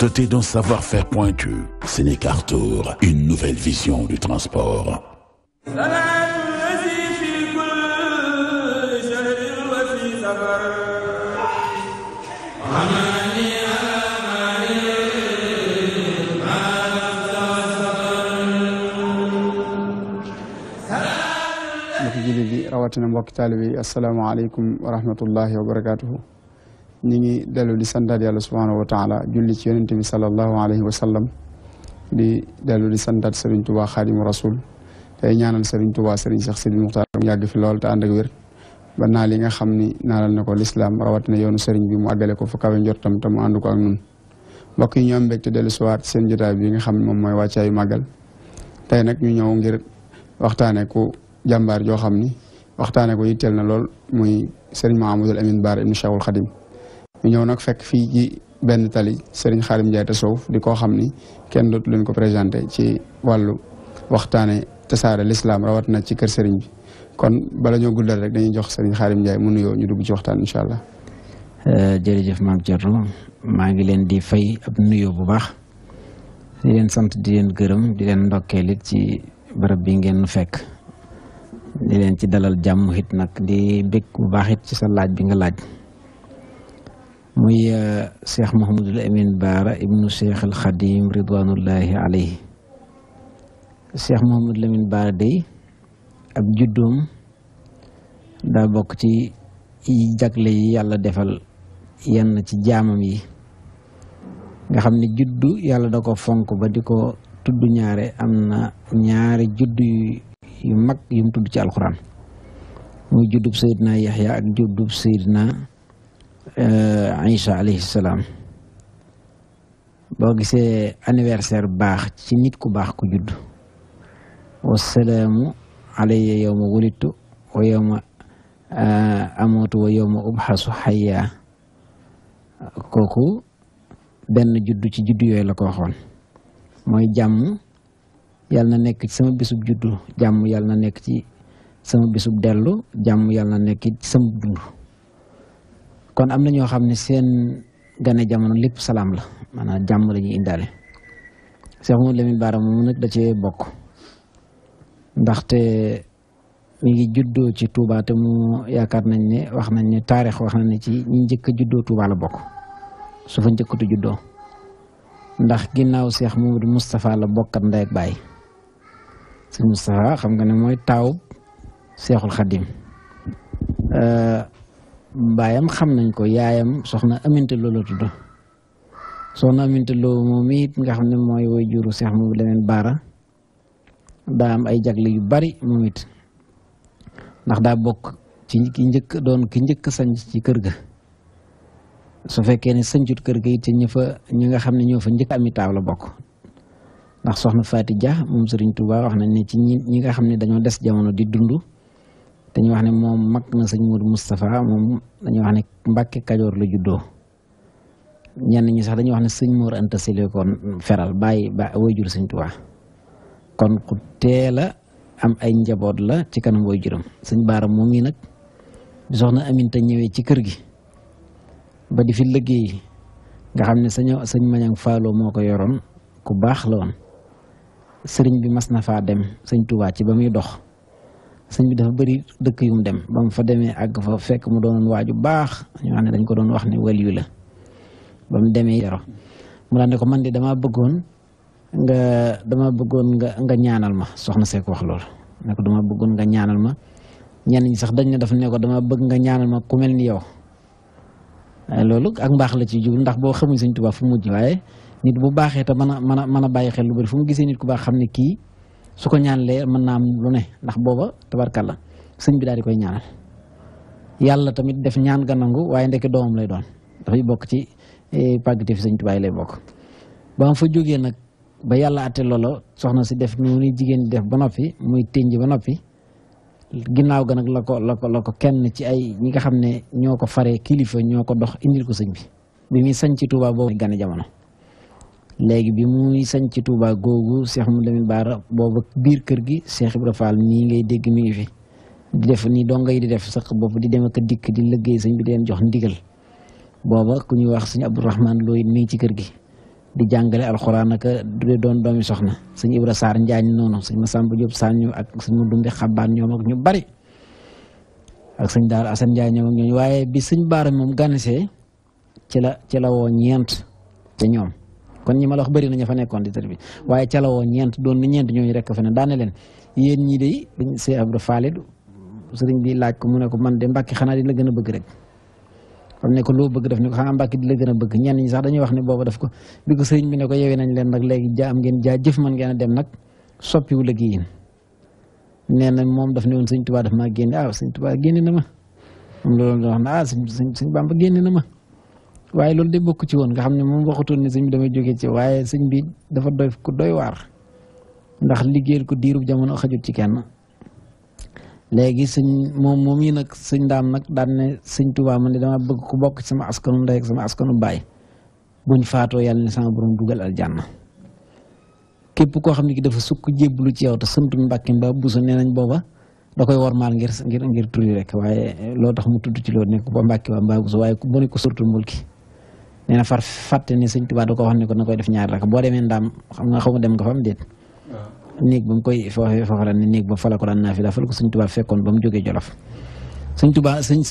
doté d'un savoir-faire pointu. Tour, une nouvelle vision du transport. mbokk jullit rawatina mbokki taalibe yi asalaamaaleykum wa rahmatullahi wa barakatuhu. نيجي دلو لسندالي الله سبحانه وتعالى جل تيون تبي صلى الله عليه وسلم دي دلو لسندال سرنج توا خادم رسول تيجان السرنج توا سرنج شخص المختار ياقف في اللول تاندك وير بنالينا خامني نال نقول الإسلام رواتنا يوم سرنج بيم أجلكوا فكابين جرتم تمو عندك عنن باقي يوم بكت دلو سوار سرنج رابين خام ممي واجاي مقال تيجانك مين يومير وقتانه كو جنبار جو خامني وقتانه كو يتيلنا لول مي سرنج معمود الأمين بار إنشاء الخادم ñew nak fekk fi ci benn tali Serigne Khadim Diatta souf di ko ni kenn dot luñ ko présenter ci walu waxtane tassara l'islam rawat na ci kër Serigne kon bala ñu guddal rek dañuy jox Serigne Khadim Ndiaye mu nuyo ñu dugg ci inshallah euh jere jef mak jarro ma ngi len di fay ab nuyo bu baax di len sante di len gërëm di len ndokkeel lit ci barab bi ngeen fekk di len ci dalal jamm hit nak di bekk bu baax hit ci sa laaj bi nga laaj. muy euh, cheikh Mouhamadul Amin Baara ibnu cheikh al ridwanullahi alayhi cheikh Mouhamadul Amin Baara day ab juddoom daa bokk ci jagle yi yàlla defal yenn ci jaamam yi nga xam ne juddu yàlla da ko fonk ba di ko tudd ñaare am na ñaari judd yu mag yum tudd ci alxuraan muy juddub Seydina Yaxya ak juddub Seydina Euh, Aïcha alayhi salaam boo gisee anniversaire baax ci nit ku baax ku judd wasalaamu alayya yowma wulidtu wa yowma euh, amootu wa yowma ubxasu xayya kooku benn judd ci judd yooyu la ko waxoon mooy jàmm yàlla na nekk ci sama bisub juddu jàmm yàlla na nekk ci sama bisub dellu jàmm yàlla na nekk ci sama dund kon amna ño xamni xam seen gane jamono lepp salam la manana jam la ñuy indaale Cheikh Mouhamadou Lamine baram mo nak da cee bok ndaxte mi ngi juddo ci Touba te mu yaakar nañ ne wax nañ ne tarikh wax nañ ne ci ñi jëk juddo Touba la bok su fa njëkkatu juddo ndax ginnaw Cheikh Mouhamadou mustafa la ak nday ak bay cheikh mustafa xam nga ne moy taw Cheikhul Khadim euh, baayam xam nañ ko yaayam soxna Aminta Lo la tudd soxna Aminta Lo moom it nga xam ne mooy woy juru seex moom leneen baara daa am ay jagle yu bari moom it ndax daa bokk ci ki njëkk doon ki njëkk sañ ci kër ga su fekkee ne sancut kër ga it ci ñi fa ñi nga xam ne ñoo fa njëkk ami taaw la bokk ndax soxna Faati Dia moom Sëriñ Tuubaa wax nañ ne ci ñi ñi nga xam ne dañoo des jamono di dund dañuy wax ne moom mag na sëñ Modou Moustapha moom dañuy wax ne Mbàkke Kajoor la juddoo ñenn ñi sax dañuy wax ne sëñ Mor Anta Sali kon feral bàyyi ba waajur sëñ Tuubaa kon ku teel am ay njaboot la ci kanam juram sëñ Baara moom yi nag bi soxna Aminta ñëwee ci kër gi ba di fi liggéey nga xam ne sëñ Mañang Faaloo moo ko yoroon ku baax la woon sëriñ bi mas na faa dem sëñ Tuubaa ci ba muy dox sëñ bi dafa bëri dëkk yu mu dem ba mu fa demee àgg fa fekk mu doon waaju baax ñu xam ne dañ ko doon wax ne waliyu la ba mu demee yoro mu daan ne ko man de damaa bëggoon nga dama bëggoon nga nga ñaanal ma soxna Seck wax loolu ne ko dama bëggoon nga ñaanal ma ñenn ñi sax dañ ne dafa ne ko dama bëgg nga ñaanal ma ku mel ni yow eh, loolu ak mbaax la ci jublu ndax boo xamuñ sëñ Tuubaa fu mujj waaye nit bu baaxee te mën a mën a mën a bàyyi xel lu bëri fu mu gisee nit ku baax xam ne kii su ko ñaanlee mën naa am lu ne ndax booba la sëñ bi daal di koy ñaanal yàlla tamit def ñaan ga waaye ndekki doomam lay doon dafay bokk ci eh, pàggati fi sëñ Tuubaa lay bokk. ba ma fa jógee nag ba yàlla àtte loola soxna si def ni muy jigéen def ba noppi muy tënj ba noppi ginnaaw ga nag la ko kenn ci ay ñi nga xam ne ñoo ko faree kilifa ñoo ko dox indil ko sëñ bi bi muy sañ ci Tuubaa boobu gane jamono. lagi bi muy sañ ci Touba gogou Cheikh Mouhamadou Lamine Bara bobu bir keur gi Cheikh ibrahim Fall mii ngay deg mi fi di def ni do ngay di def sax bobu di dem ak dik di liggey sañ bi di jox ndigal bobu ku ñu wax abdou rahman loy mi ci keur gi di jangale alcorane ak du doon doomi soxna sëñ Ibra Sarr Sañu ak sëñ dumbi Xabaan ñom ak ñu bari ak sëñ dar Assane Ndiaye ñom ak ñooñu bi Bara mom ci la ci la wo ñent ci ñom kon ñi ma la wax bëri fa nekkon di terbi waye ci lawo ñent doon ni ñent ñooñu rek fa ne daane leen yéen ñii day dañ see abdu bi laaj ko mu ne ko man de mbacki xana di la gëna bëgg rek am ne ko lo bëgg def ne ko xana mbacki di la gëna bëgg ñen ñi sax dañuy wax ne bobu daf ko bi serigne bi ne ko yewé nañ leen nak léegi jaa am ngeen jaa jëf man ngeen dem nak soppi wu legi yéen neena mom daf ne woon sëriñ daf ma ah serigne touba na ma lo do wax na ah serigne bamba na ma waaye loolu de bokk ci woon nga xam ne moom waxutoon ne sëñ bi damay jógee ci waaye sëñ bi dafa doy ku doy waar ndax liggéeyal ko diirub jamono xajut ci kenn léegi sëñ moom moom yi nag sëñ ndaam nag daan ne sëñ Tuubaa man de dama bëgg ku bokk ci sama askanu ndey ak sama askanu baay buñ faatoo yàlla ne sama borom dugal aljanna képp koo xam ni ki dafa sukk lu ci yow te santuñ mbàkki ba busa nee nañ booba da koy wormaal ngir ngir ngir waaye loo tax mu tudd ci loolu nekk ba mbàkki ba mbaa busa waaye bu ne ko surtul mulki nee far fatte ni seigne touba dako ko wax ne ko nakoy def ñaar rek bo demé ndam xam nga xaw dem nga fam deet neeg néeg ba mu koy foofee foofa la ne ba fa ko daan naa fi ko seigne touba fekkon bam joggé Jolof seigne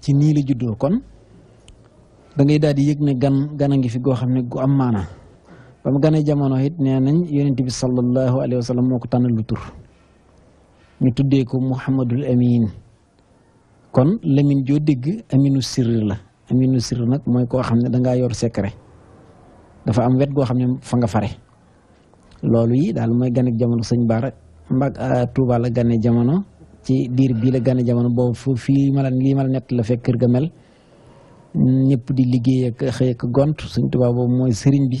ci ni la kon da ngay daal di ne gan ganangi fi go xamne gu am mana bam gané jamono hit nenañ yoonte bi sallallahu alayhi wasallam moko tan lu tur ni tuddé ko Muhammadul Amin kon Lamine jo deg aminu sirr la aminu sir nak moy ko xamne da nga yor secret dafa am wet go xamne fa nga fare loolu yi dal moy gan ak jamono sëñ Baara mbag ah, Touba la gane jamono ci diir bi la gane jamono bo foofu fii la lii la fekk ga mel ñepp di liggéey ak xey ak gont seigne Touba bo moy serigne bi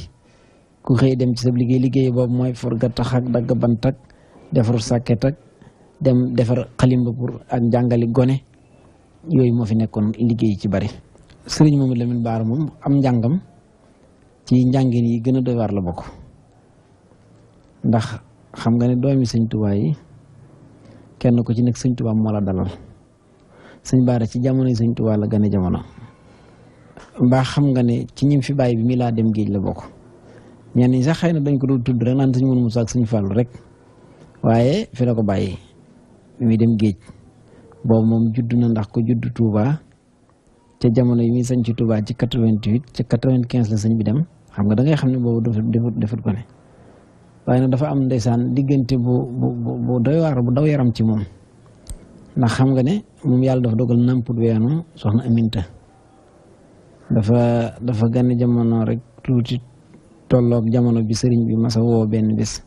ku xey dem ci sa liggéey liggéey bo moy for tax ak dag bant defar saket ak dem defar khalimba pour ak jangali goné yoy mo fi nekkon liggéey ci bari sëriñ Mamadou Lamine Bara moom am njàngam ci njàngin yi gën a doy waar la bokk ndax xam nga ne doomi sëñ Tuubaa kenn ko ci nekk sëñ Tuubaa moo la dalal sëñ Bara ci jamono yi sëñ Tuubaa la gën jamono mbaa xam nga ne ci ñim fi bàyyi bi mi laa dem géej la bokk ñenn ñi sax xëy na dañ ko doon tudd rek naan sëñ Mourou Moussa sëñ Fallou rek waaye fi la ko bàyyi bi muy dem géej boobu moom judd na ndax ko judd Tuubaa ca jamono yi muy sañ ci Touba ci quatre vingt huit ca quinze la sëñ bi dem xam nga da ngay xam ne boobu defut defut ko ne waaye nag dafa am ndeysaan diggante bu bu bu doy waar bu daw yaram ci moom ndax xam nga ne moom yàlla dafa dogal namput weenu soxna Aminta dafa dafa gane jamono rek tuuti tolloog jamono bi sëriñ bi masa woo benn bés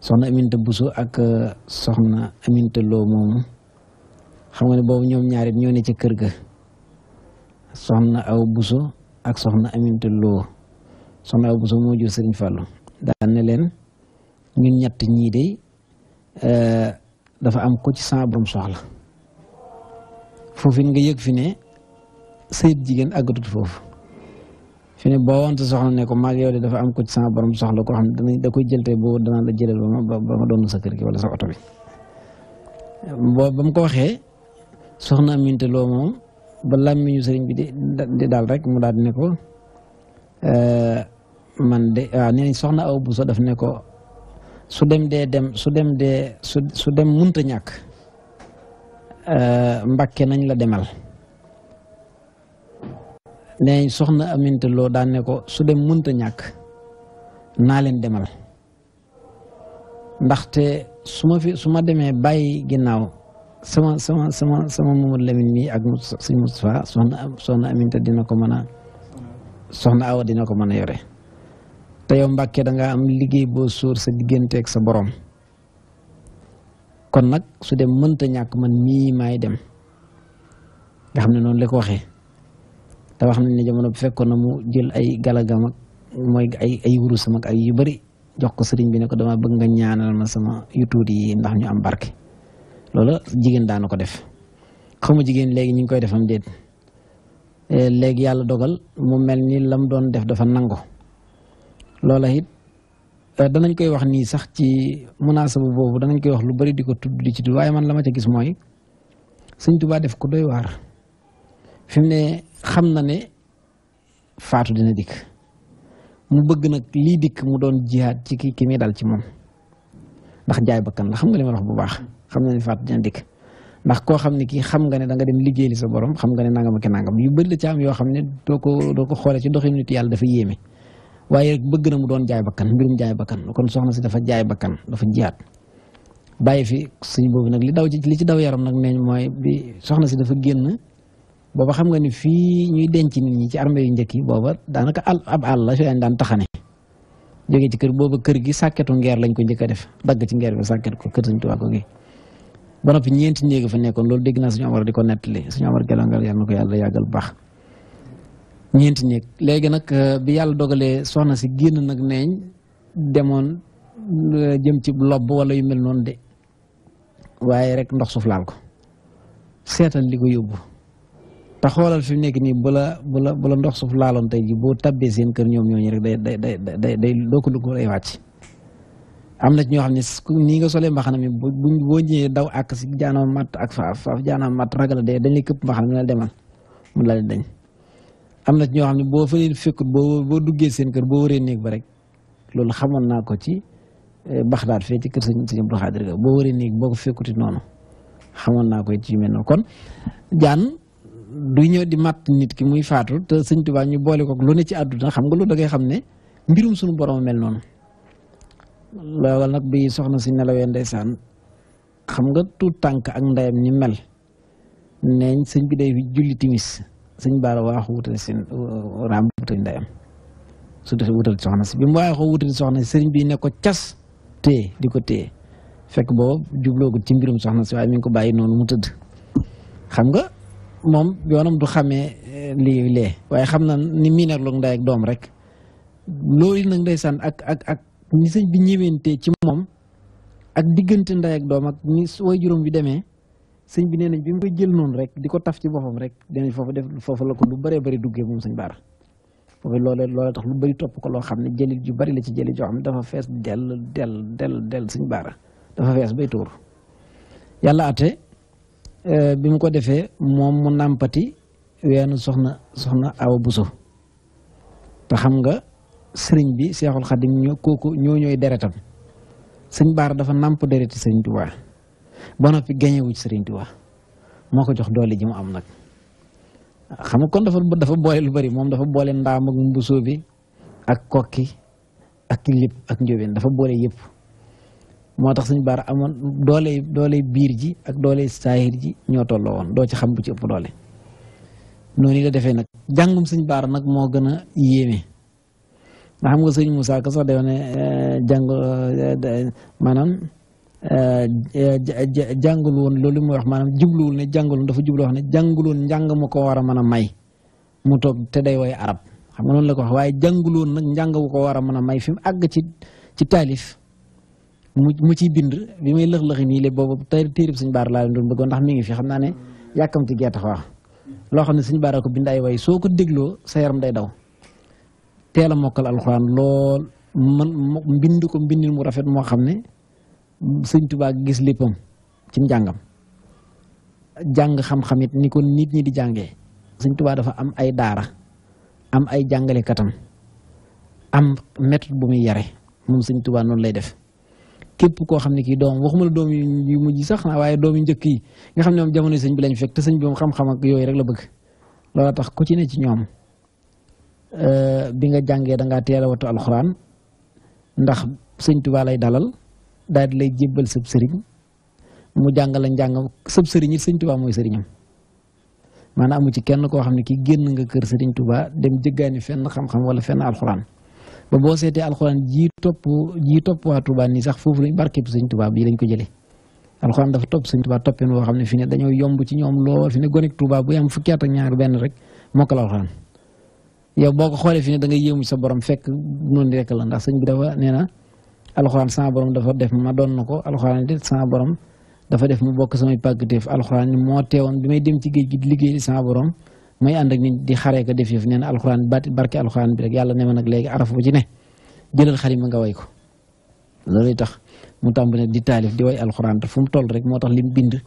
soxna Aminta Bousso ak euh, soxna Aminta Lo moomu xam nga ne boobu ñoom ñaar it ñoo ne ci kër ga. soxna aw buso ak soxna aminte loo soxna aw buso moo jur sëriñ fàllu daan ne leen ñun ñett ñii de euh, dafa am ko ci sa soxla foofu nga yëg fi ne sëyit jigéen àggatut foofu fi boo wante soxla ne ko maag yow de dafa am ko ci sa borom soxla koo xam ne danañ da koy jëlte boo danaa la jëlal ba ma ba ma doon sa kër gi wala sa oto bi boo ba mu soxna aminte loo moom ba làmmiñu sëriñ bi di daal rek mu daal di ne eh, man de waaw nee soxna aw bu so daf ne ko su dem dee dem su dem dee su su dem munta ñàkk eh, mbakke nañ la demal nee nañ soxna aminte loo daan ne ko su dem munta ñàkk naa leen demal ndaxte su fi su demee bàyyi ginnaaw sama sama sama sama mo lemin mi ak si sohna sohna amin te dina ko mana sohna aw dina ko mana yore te yow Mbàkke da nga am liggey bo sour sa sa borom kon nak su dem meunta ñak man mii may dem nga xamne non noonu la ko waxee te wax nañ ne jamono bu fekkona mu jël ay galagam ak moy ay ay wurusam ak ay yu bari jox ko serigne bi ne ko dama bëgg nga ñaanal ma sama yu tuuti yi ndax ñu am barke loola jigéen daana ko def xamu jigéen léegi ñu ngi koy def am eh, léegi yàlla dogal mu mel ni lam doon def dafa nangu loola it eh, danañ koy wax nii sax ci munaasaba boobu danañ koy wax lu bari di ko tudd di ci tudd waaye man la ma ca gis mooy Sëñ Tuubaa def ko doy waar fim ne xam na ne faatu dina dikk mu bëgg nag lii dikk mu doon jihaat ci ki ki muy dal ci moom ndax jaay bakkan la xam nga li wax bu baax xamna ni ne jandik ndax ko xamni ki xam nga ne da nga dem liggéey sa borom xam nga ne nangam ak nangam yu bëri ci am yo xamni doko doko xolé ci doxim nit yalla dafa yéeme waye rek bëgg na mu doon jaay bakkan mbirum jaay bakkan kon soxna si dafa jaay bakkan dafa jiat baye fi suñ bobu nak li daw ci li ci daw yaram nak neñ moy bi soxna si dafa genn boba xam nga ni fi ñuy denc nit ñi ci armée yu njëkk yi booba al ab allah la dan daan taxane joge ci kër boba kër gi saketu ngeer lañ ko njëkk def dag ci ngeer bi ko kër ko gi ba noppi ñeenti néeg fa nekkoon loolu dégg naa suñu amar di ko nettali suñu amar gelangal yar na ko yàlla yàggal baax ñeenti néeg léegi nag euh, bi yàlla dogalee soxna si génn nag neeñ demoon euh, jëm ci lobb wala yu mel noonu de waaye rek ndox suuf laal ko seetal li ko yóbbu te xoolal fi nekk nii bu la bu la bu la ndox suuf laaloon tey ji boo tabbee seen kër ñoom ñooñu rek day day day day day doo ko dugg ay wàcc am na ci ñoo xam ne nii nga solee mbaxana mi buñ boo ñëwee daw ak si jaanaam matt ak faaf faaf jaanaam matt ragal dee dañ lay këpp mbaxana mi la demal mu la dañ am na ci ñoo xam ne boo fa leen boo boo duggee seen kër boo waree néeg ba rek loolu xamoon naa ko ci eh, baxdaat fee ci kër sëñ sëñ Abdou Xaadir boo waree néeg boo ko fekkuti noonu xamoon naa ko ci mel noonu kon jaan du ñëw di mat nit ki muy faatu te sëñ Tuubaa ñu boole ko lu ne ci àdduna xam nga loolu da xam ne mbirum suñu borom mel noonu loolal nag bi soxna si nelawee saan xam nga tuut tànk ak ndeyam ñi mel neeñ sëñ bi day julli timis sëñ baara waaxu wutali seen raam wutali ndeyam su dee wutali soxna si bi mu waaxoo wutali soxna si sëriñ bi nekko ko cas téye di ko téye fekk boobu jubloogu ci mbirum soxna si waaye mi ngi ko bàyyi noonu mu tëdd xam nga moom yoonam du xamee eh, lii lee waaye xam na ni miinarloog ndey ak doom rek loolu ak ak ak ñi sëñ bi ñëwentee ci moom ak diggante ndey ak doom ak ñi way juróom bi demee sëñ bi nee bi mu koy jël noonu rek di ko taf ci boppam rek dinañ foofu def foofu la ko lu bëree bëri duggee moom sëñ Baara foofu loolee loola tax lu bëri topp ko loo xam ne jëlit ju bari la ci jëlit joo xam ne dafa fees dell del del del sëñ Baara dafa fees bay tuur yàlla ate euh, bi mu ko defee moom mu nàmpati weenu soxna soxna Awa Buso te xam nga sëriñ bi seexul xadim ñoo kooku ñoo ñooy deretam sëñ baara dafa nàmp dereti sëriñ tubaa ba noppi gañewuj sëriñ tubaa moo ko jox doole ji mu am nag xam nga kon dafa dafa boole lu bari moom dafa boole ndaam ak mbusoo bi ak kokki ak lépp ak njóobeen dafa boole yëpp moo tax sëñ baara amoon doole doole biir ji ak doole saahir ji ñoo tolloo woon doo ci xam bu ci ëpp doole noonu la defee nag jàngum sëñ baara nag moo gën a yéeme nga xam nga sëñ Moussa ka sax day wane eh, jàng eh, maanaam eh, jàngul woon loolu muy wax maanaam jubluwul ne jàngul dafa jublu wax ne jàngul mu ko war a mën a may mu toog te day woy arab xam nga noonu la ko wax waaye jàngul woon nag njàng mu ko war a mën a may fi mu àgg ci ci taalif mu mu ciy bind bi may lëx-lëxi nii le boobu tey téerib suñ baar laa leen doon bëggoon ndax mi ngi fi xam naa ne yàkkamti gee tax wax loo xam ne suñ baar ko bind ay way soo ko dégloo sa yaram day daw teela a mokkal alxuraan lool mbind ko mbindin mu rafet moo xam ne sëñ tubaa gis léppam ci njàngam jàng xam-xam ni ko nit ñi di jàngee sëñ tubaa dafa am ay daara am ay jàngalekatam am méthode bu mu yare moom sëñ Tuubaa noonu lay def képp koo xam ne kii doom waxuma la doom yu mujj sax waaye doom yi njëkk yi nga xam ne moom jamono sëñ bi lañ fekk te sëñ bi moom xam-xam ak yooyu rek la bëgg loola tax ku ci ne ci ñoom Eh, bi nga jangé da nga téla wato wattu alxuraan ndax seigne touba lay dalal daal lay jébbal sub serigne mu jangal jangam sub serigne seigne touba moy Tuubaa man amu ci kenn ko xamni ki genn nga kër serigne touba dem jëggaani fenn xam-xam wala fenn alcorane ba bo sété alcorane ji top ji top wa touba ni sax fofu lañ barké seigne touba bi lañ ko jëlé alcorane dafa top seigne touba toppin woo xam fi ne yomb ci ñom lool fi ne gonek bu yam fukki at ñaar ben rek alcorane yow boo ko xoolee fi ne da nga yéemu sa borom fekk noonu rek la ndax sëñ bi dafa nee na alxuraan sama borom dafa def ma doon na ko alxuraan it sama borom dafa def mu bokk samay pàggateef alxuraan moo teewoon bi may dem ci géej gi di liggéey sama borom may ànd ak nit di xaree ko def yëf nee na alxuraan baati barke alxuraan bi rek yàlla ne ma nag léegi araf bu ci ne ma nga way ko loolu tax mu tàmbalee di taalif di way alxuraan te fu mu toll rek moo tax lim bind.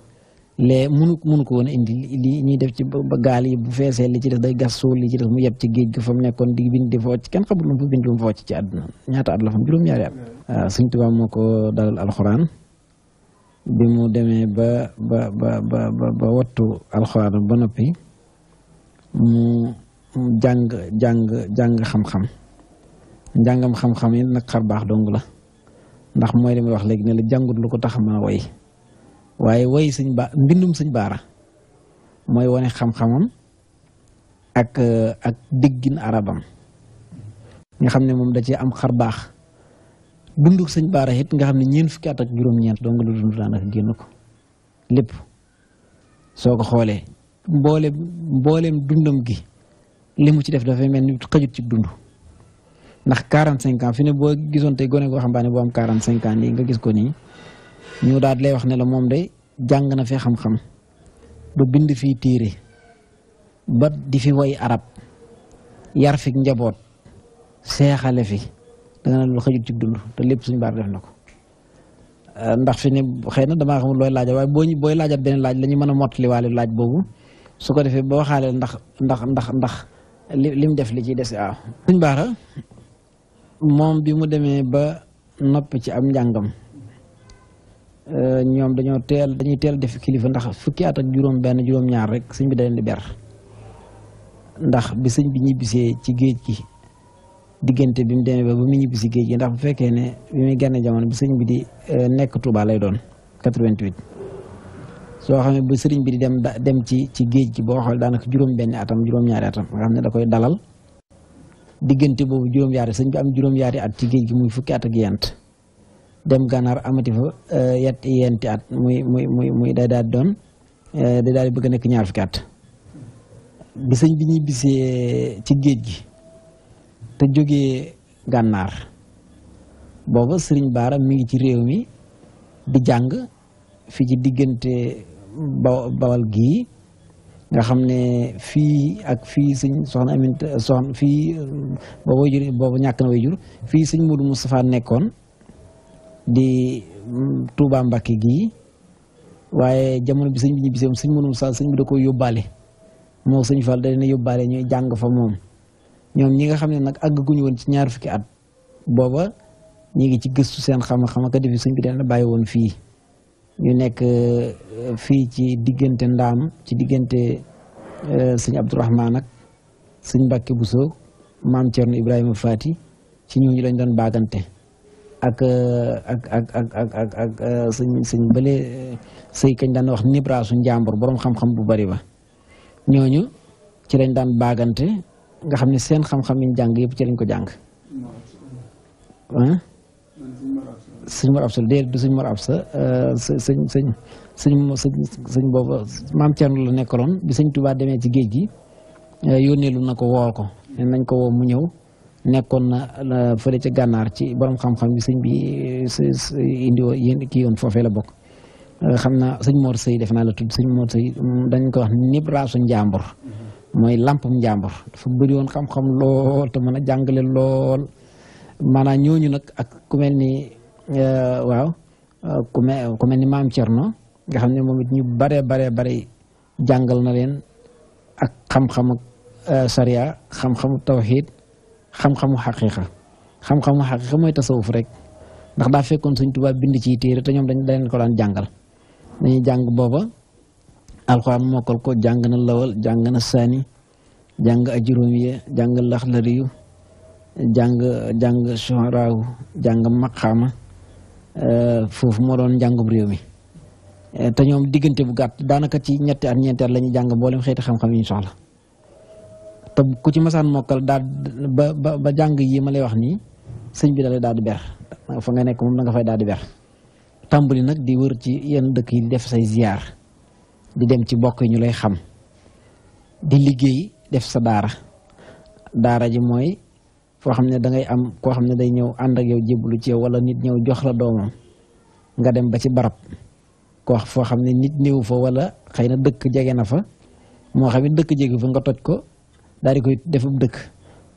le munu munu ko woon indi li ñi def ci gaal yi bu feesee li ci def day gasso li ci def mu yeb ci geej gi fam nekkon di bind di ci kenn xamul lu mu bind lu fo ci ci aduna ñaata at la fam juroom ñaari at ah, moko dalal alquran bi mu deme ba ba ba ba ba wattu alquran ba nopi mu jang jang jang xam-xam jangam xam-xam yi nag xar bax dong la ndax moy li wax legi ne la jangut lu ko tax ma way waaye woy sëñ ba mbindum sëñ baara mooy wane xam-xamam ak euh, ak déggin arabam nga xam ne moom da cee am xar baax dunduk sëñ baara it nga xam ne ñeent fukki at ak juróom-ñeent dong lu dund daanaka génn ko lépp soo ko xoolee mboole mboolem mbooleem dundam gi li mu ci def dafay mel ni xajut ci dund ndax quarante cinq ans fi ne boo gisoon te gone koo xam ne boo am quarante cinq nii nga gis ko nii ñu daal di lay wax ne la moom day jàng na fi xam-xam ba bind fi téere ba di fi way arab yar fi njaboot seexale fi danga ne loolu xëjul dund te lépp suñu baar def na ko euh, ndax xëy na damaa xamul looy laajal waaye boo booy laaja beneen laaj la ñu mën a mottaliwaale laaj boobu su ko defee boo waxaalee ndax ndax ndax ndax li lim def li ciy dese waaw. suñ baara moom bi mu demee ba noppi ci am njàngam. Eh, ñom dañoo teel dañuy teel def kilifa ndax fukki at ak juroom ben juroom ñaar rek señ bi dañu leen ber ndax bi señ bi ñibbisee ci geej gi diggante bi mu demee ba bu mi ñibbisi geej gi ndax bu fekkee ne bi mi gënë jamono bi señ bi di eh, nekk Touba lay doon 88. so xam bu señ bi di dem dem ci ci geej gi bo xol daanaka juroom ben atam juroom ñaar atam nga xam da koy dalal diggante boobu juroom yaari señ bi am juroom yaari at ci geej gi muy fukki at ak yent dem gànnaar amati fa euh, yat yenti at muy muy muy muy day daal di doon euh, day daal di bëgg a nekk ñaar fukki at bi sëñ ñuy bisee ci géej gi te jógee gànnaar booba sëriñ Baara mi ngi ci réew mi di jàng fii ci diggante bawal gi nga xam ne fii ak fii sëñ soxna Aminta soxna fii booba jur na way fii sëñ Modou Moustapha nekkoon di mm, Touba Mbacke gi waaye jamono bi sëñ bi ñu biseem sëñ mënum sa sëñ bi da ko yóbbaale moo sëñ Fall da leen yóbbaale ñuy jàng fa moom ñoom ñi nga xam ne nag àgguñu woon ci ñaar fukki at booba ñu ngi ci gëstu seen xam-xam ka defi sëñ bi dañ la bàyyi woon fii ñu nekk euh, fii ci diggante ndaam ci diggante euh, sëñ Abdourahman ak sëñ Mbacke Bousso maam Thierno Ibrahima Fati ci ñu lañ doon baagante ak ak ak euh, sëñ sëñ bële euh, sëy kañ daan wax nibra su njàmbur boroom xam-xam bu bari ba ñooñu ci lañ daan baagante nga xam ni seen xam-xam yi jàng yëpp ci lañ ko jàng ah sëñ Mor Absa déedéet du sëñ Mor Absa euh, sëñ sëñ sëñ sëñ sëñ boobu maam Thierno la nekkaloon bi sëñ Tuubaa demee ci géej gi yónneelu na ko woo ko nañ ko woo mu ñëw nekkoon na fële ca gànnaar ci boroom xam-xam bi sëñ bi indi woon yéen kii woon foofee la bokk euh, xam na sëñ Mor Sëy def naa la tudd sëñ Mor Sëy dañ ko wax nib raasu njàmbur mooy lampum njàmbur dafa bëri woon xam-xam mën a jàngale lool maanaam ñooñu nag ak ku mel ni euh, waaw euh, ku mel ni maam Thierno nga xam ne moom it ñu bare bare bare jàngal na leen ak xam-xamu sariya xam-xamu tawxiid xam-xamu haqiqa xam-xamu haqiqa moy tasawuf rek ndax da fekkon suñ tubaab bind ci téré te ñom dañ leen ko daan jangal dañ jang booba alquran mokal ko jang na lawal jang na saani jàng ajuróomiye jàng jang jang shuhara jang maqama euh foofu mo doon jangum rew mi eh, te ñom digënté bu gatt daanaka ci ñetti at xam-xam yi te ku ci masaan mokal dal ba ba ba yi ma lay wax ni señ bi dal dal di ber fa nga nek mom nga fay dal di ber tambuli nak di wër ci yeen dëkk yi def say ziar di dem ci bokk yi ñu lay xam di liggéey def sa dara dara ji moy fo xamne da ngay am ko xamne day ñew and ak yow jébbalu ci wala nit ñew jox la doomam nga dem ba ci barab ko nit néew fo wala xeyna dekk jege na fa mo xam dekk jege nga toj ko dari koy defub dëkk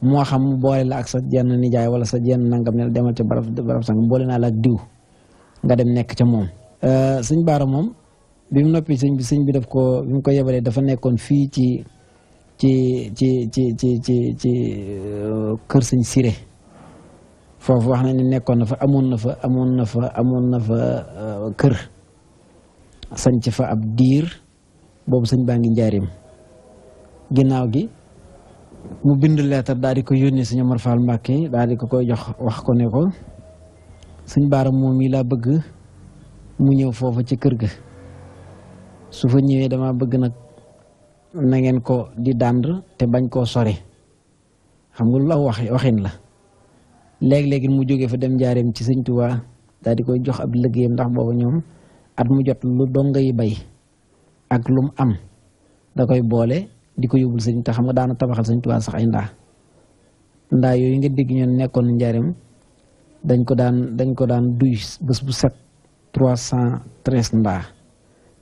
mo xam boole la ak sa jenn jaay wala sa jenn nangam ne demal ci baraf baraf sang boole na la ak diw nga dem nek ci mom euh Baara moom bi bimu noppi sëñ bi sëñ bi daf ko bimu ko yebale dafa nekkon fi ci ci ci ci ci ci ci keur sëñ Siré fofu wax na ni nekkon na fa amon na fa amon na fa amon na fa keur sañ ci fa ab dir bobu ngi gi mu bind leetar dal di ko yoni seigne Omar Fall mbake dal di ko koy jox wax ko ne ko seigne bar momi la bëgg mu ñew fofu ci kër ga su fa ñewé dama bëgg nak na ngeen ko di dandre te bañ ko sore xam nga la wax waxin la leg leg mu fa dem njaareem ci seigne touba dal di koy jox ab liggéeyam ndax bobu ñoom at mu jot lu dongay bay ak lum am da koy bolé diko yobul yóbbul ta xam nga daana tabaxal sëriñ Tuubaa sax ay ndaa nda yoy nga deg ñoon nekkon ndiarim dañ ko daan dañ ko daan duy bes bu set 313 nda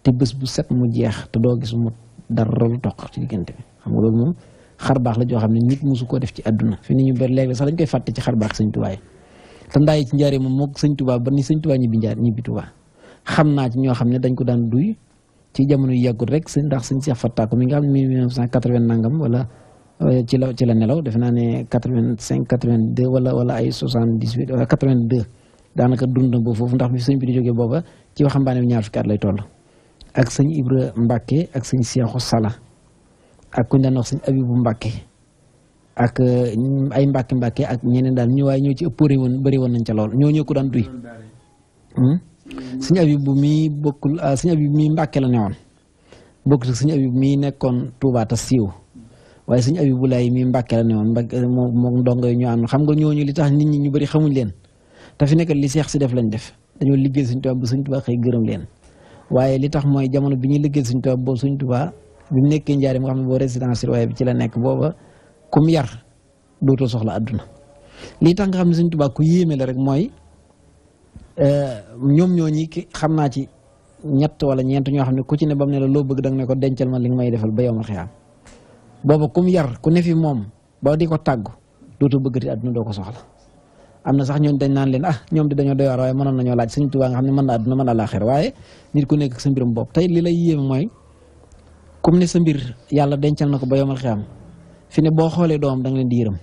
te bes bu set mu jeex te do gis mu dara lu tok ci digënté xam nga lool moom xar bax la jo xamni ne nit mosu ko def ci aduna fi ni ñu bëri léegi sax dañ koy fatte ci xar bax sëñ Tuubaa te nda yi ci ndiarim mo moog sëñ ba ni sëñ Tuubaa ñibbi njaar ñi bi xam xamna ci ño xam dañ ko daan duy ci jamono yu yàggul rek sëñ ndax sëñ Cheikh Fatta ko mi nga 1980 nangam wala euh, ci law ci la nelaw defe naa ne 85 82 wala wala ay 78 wala 82 daanaka dund ba foofu ndax bi sëñ bi di jógee booba ci waxambaane bi ñaar fukki lay toll. ak sëñ Ibra Mbacke ak Sala ak ku wax sëñ abibou Mbacke ak euh, ay Mbacke Mbacke ak ñeneen dal ñu way ñu ci won bari won nañ ci lool ñoo ñoo daan duy. Hmm? sëñ Habib bu mii bokkul ah, sëñ Habib mii Mbàkke la newoon bokkul ak sëñ Habib mii nekkoon Touba te siiw waaye sëñ Habib bu laay mii Mbàkke la newoon Mbàkke eh, moom moom ndongo yi ñu ànd xam nga ñu li tax nit ñi ñu bëri xamuñ leen te fi nekk li seex si def lañ def dañoo liggéey sëñ Tuubaa bu sëñ Tuubaa xëy gërëm leen waaye li tax mooy jamono bi ñuy liggéey sëñ Tuubaa boobu sëñ Tuubaa bi mu nekkee njaareem nga xam ne boo résidence si waaye bi ci la nekk booba kum yar dootoo soxla àdduna lii tax nga xam ne sëñ Tuubaa ku yéeme la rek mooy Eh, ñoom ñooñi xam naa ci ñett wala ñeent ñoo xam ne ku ci ne ba mu ne la loo bëgg danga ne ko dencal ma li may defal ba yow ma xiyaam booba kum yar ne fi moom ba di ko tàggu dootu bëggati àdduna doo ko soxla am na sax ñooñu dañ naan leen ah ñoom de dañoo doy waar waaye mënoon nañoo laaj sëñ Tuubaa nga xam ne mën na àdduna mën na laaxir waaye nit ku nekk ak sa mbirum tey li lay yéeme mooy comme ne sa mbir yàlla dencal na ko ba yomal xiyaam fi ne boo xoolee doomam da leen di yërëm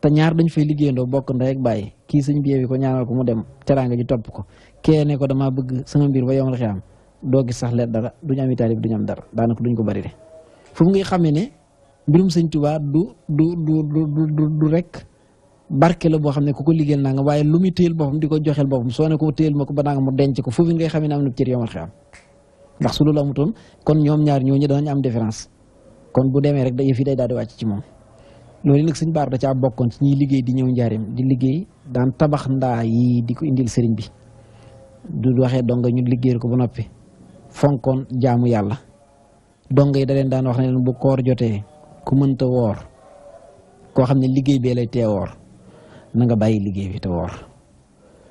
te ñaar dañ fay liggéeyandoo bokk ndey ak bàyyi kii sëñ bi yeewi ko ñaanal ko mu dem teraanga ji topp ko kee ko damaa bëgg sama mbir ba yomal xiyaam doo gis sax leen dara duñ am bi duñ am dara daanaka duñ ko bari fu mu ngi xamee ne mbirum sëñ Tuubaa du du du rek barke la boo xam ne ku ko liggéeyal naa nga waaye lu muy téyel boppam di ko joxeel boppam soo ne ko téyel ma ko ba naa nga mu denc ko foofu ngay xamee ne am na cër yomal xiyaam ndax su loolu kon ñoom ñaar ñooñu danañ am différence kon bu demee rek da yëf yi day daal di wàcc ci moom loolu nag sëñ Baar da caa bokkoon ci ñuy liggéey di ñëw njaarim di liggéey daan tabax ndaa yi di ko indil sëriñ bi du waxee donga ñu liggéey ko ba noppi fonkoon jaamu yàlla donga yi da leen daan wax ne leen bu koor jotee ku mënta woor koo xam ne liggéey bee lay tee woor na nga bàyyi liggéey bi te woor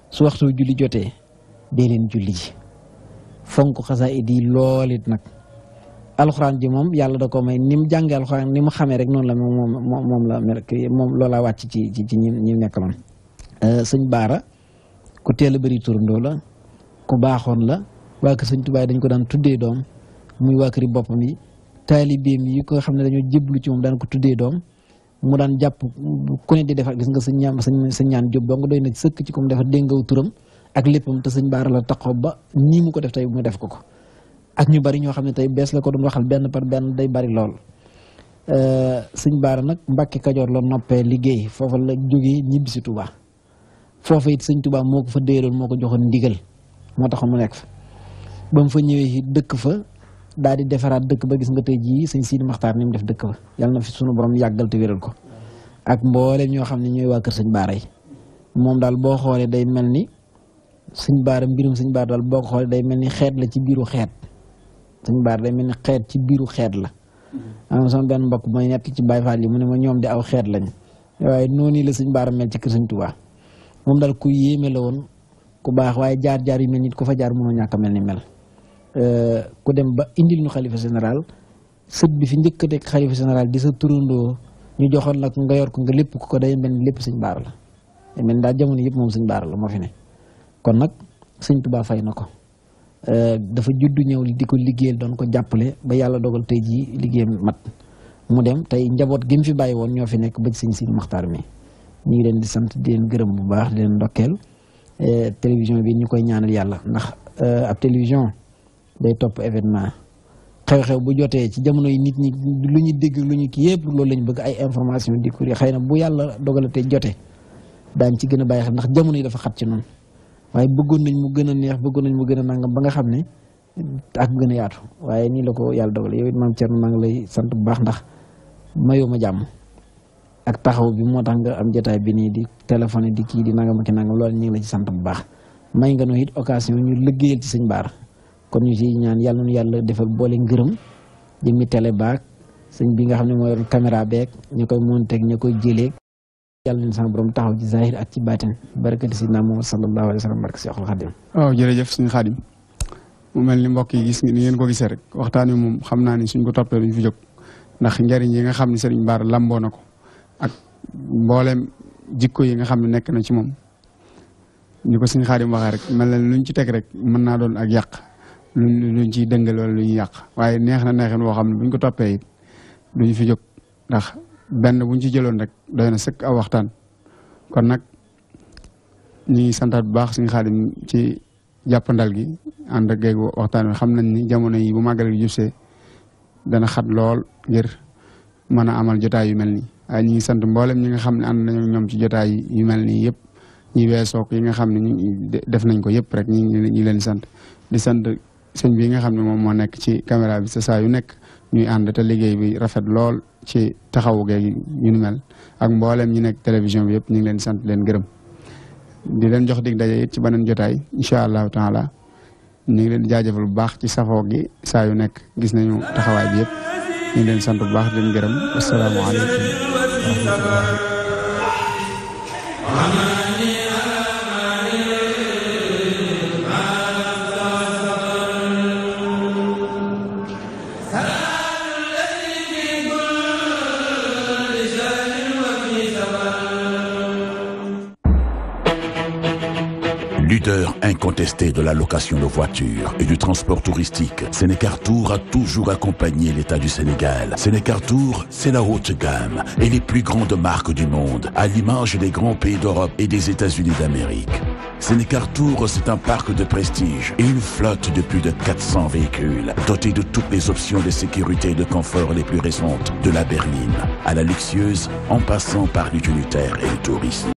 su waxtu julli jotee dee leen julli ji fonk xasaa it loolit nag alquran ji mom yalla da ko may nim jange alquran nim xame rek non la mom mom la moom loolaa wàcc ci ci ci ñi ñi euh señ bara ku teel bari bëri la ku baxon la wa kër señ Tuubaa dañ ko dan tuddé dom muy waa këri yi taalibeem yi ko xamne dañu dañoo ci mom dan ko tuddé dom mu dan japp ku ne di gis nga ñam señ señ ñaan nga doyna sekk ci kum turam ak te señ bara la taxo ba mu ko def tay mu def ko ko. ak ñu bari ñoo xam ne tey bees la ko doon waxal benn par benn day bari lool. Euh, sëñ Baara nag Mbàkke Kajoor la noppee liggéey foofa la jógee ñibbi si Touba foofa it sëñ Touba moo fa déeroon moo ko joxoon ndigal moo taxoon mu nekk fa. fa ñëwee dëkk fa daal di defaraat dëkk ba gis nga tey jii sëñ Sidi Maxtaar ni mu def dëkk ba yal na fi sunu borom yàggalte te wéral ko ak mboolem ñoo xam ne ñooy waa kër sëñ Baara yi moom daal boo xoolee day mel ni sëñ Baara mbirum sëñ Baara daal boo ko xoolee day mel ni xeet la ci biiru xeet. suñ baar day mel ni xeet ci biiru xeet la am sama benn mbokk may nekk ci Baay Faal yi mu ne ma ñoom di aw xeet lañ waaye noonu la suñ baar mel ci kër Sëñ Tuubaa moom daal ku yéeme la woon ku baax waaye jaar-jaar yu mel nit ku fa jaar mënoo ñàkk a mel ni mel euh, ku dem ba indil ñu xalifa général sët bi fi njëkk a nekk général di sa turandoo ñu joxoon nag nga yor ko nga lépp ko day mel lépp Sëñ Baar la mel daal jamono yëpp moom Sëñ Baar la moo fi ne kon nag Sëñ Tuubaa fay na ko Euh, dafa judd ñëw di ko liggéeyal doon ko jàppale ba yàlla dogal tey jii liggéeyam mat mu dem tey njaboot gi mu fi bàyyi woon ñoo fi nekk ba sëñ si maxtaar mi ñu ngi leen di sant di gërëm bu baax di leen ndokkeel euh, télévision bi ñu koy ñaanal yàlla ndax euh, ab télévision day topp événement xew-xew bu jotee ci jamono yi nit ñi lu ñu dégg lu ñu kii yëpp loolu lañ bëgg ay information di ko na bu yàlla dogalatee jotee daañ ci gën a bàyyi xel ndax jamono yi dafa xat noonu waye bëggoon nañ mu gëna neex bëggoon nañ mu gëna nangam ba nga xam ak gëna yaatu waye ni lako yalla dogal yow it maam Thierno mang ngi lay sant bu baax ndax mayoo ma jàmm ak taxaw bi mo tax nga am jotaay bi ni di téléphone di ki di nangam ak nangam lool ñi ngi la ci sant bu baax may nga no hit occasion ñu liggéeyal ci señ Baara kon ñu ci ñaan yalla ñu yalla defal boole di mi télé baak señ bi nga xam mo moo yor caméra beek ñakoy monté ñakoy jëlé yàlla leen sama borom taxaw ci zahir ak ci baatin barakati a Muhammad sallallahu alayhi wa sallam barke Seexul Xadim waaw jërëjëf suñu xaadim mu mel ni mbokk yi gis ni ngeen ko gisee rek waxtaan wi moom xam na ni suñ ko toppee duñ fi jóg ndax njariñ yi nga xam ne Sëriñ Baara lamboo na ko ak mbooleem jikko yi nga xam ne nekk na ci moom ñu ko suñu xaadim waxee rek mel na luñ ci teg rek mën naa doon ak yàq luñ luñ ciy dëngal wala luñ yàq waaye neex na neexin woo xam ne buñ ko toppee it duñ fi jóg ndax benn buñ ci jëloon rek doy na sëkk aw waxtaan kon nak ñi santat santaat baax suñu xaadim ci jappandal gi and ak géegu waxtaan xam nañ ni jamono yi bu magal gi jubsee dana xat lool ngir mana amal jotaay yu melni ay ñi sant mbolam ñi nga xam ni and nañu ñom ci jotaay yu melni yépp yëpp ñi weesook yi nga xam ni def nañ ko yépp rek ñi ngi leen sant di sant señ bi nga xam ni mom mo nekk ci caméra bi sa sa yu nekk ñuy and ta liggéey bi rafet lool ci taxawu geeg ñu ni ak mboolem ñi nekk télévision bi yëpp ñu ngi leen sant leen gërëm di leen jox dig daje it ci beneen jotaay incha allahu taala ñu ngi leen jaajëfal bu baax ci safoo gi saa yu nekk gis nañu taxawaay bi yëpp ñu ngi leen sant bu baax di leen gërëm asalaamaaleykum wa incontesté de la location de voitures et du transport touristique, Sénécartour a toujours accompagné l'État du Sénégal. Sénécartour, c'est la haute gamme et les plus grandes marques du monde, à l'image des grands pays d'Europe et des États-Unis d'Amérique. Tour, c'est un parc de prestige et une flotte de plus de 400 véhicules, dotés de toutes les options de sécurité et de confort les plus récentes, de la berline à la luxueuse, en passant par l'utilitaire et le tourisme.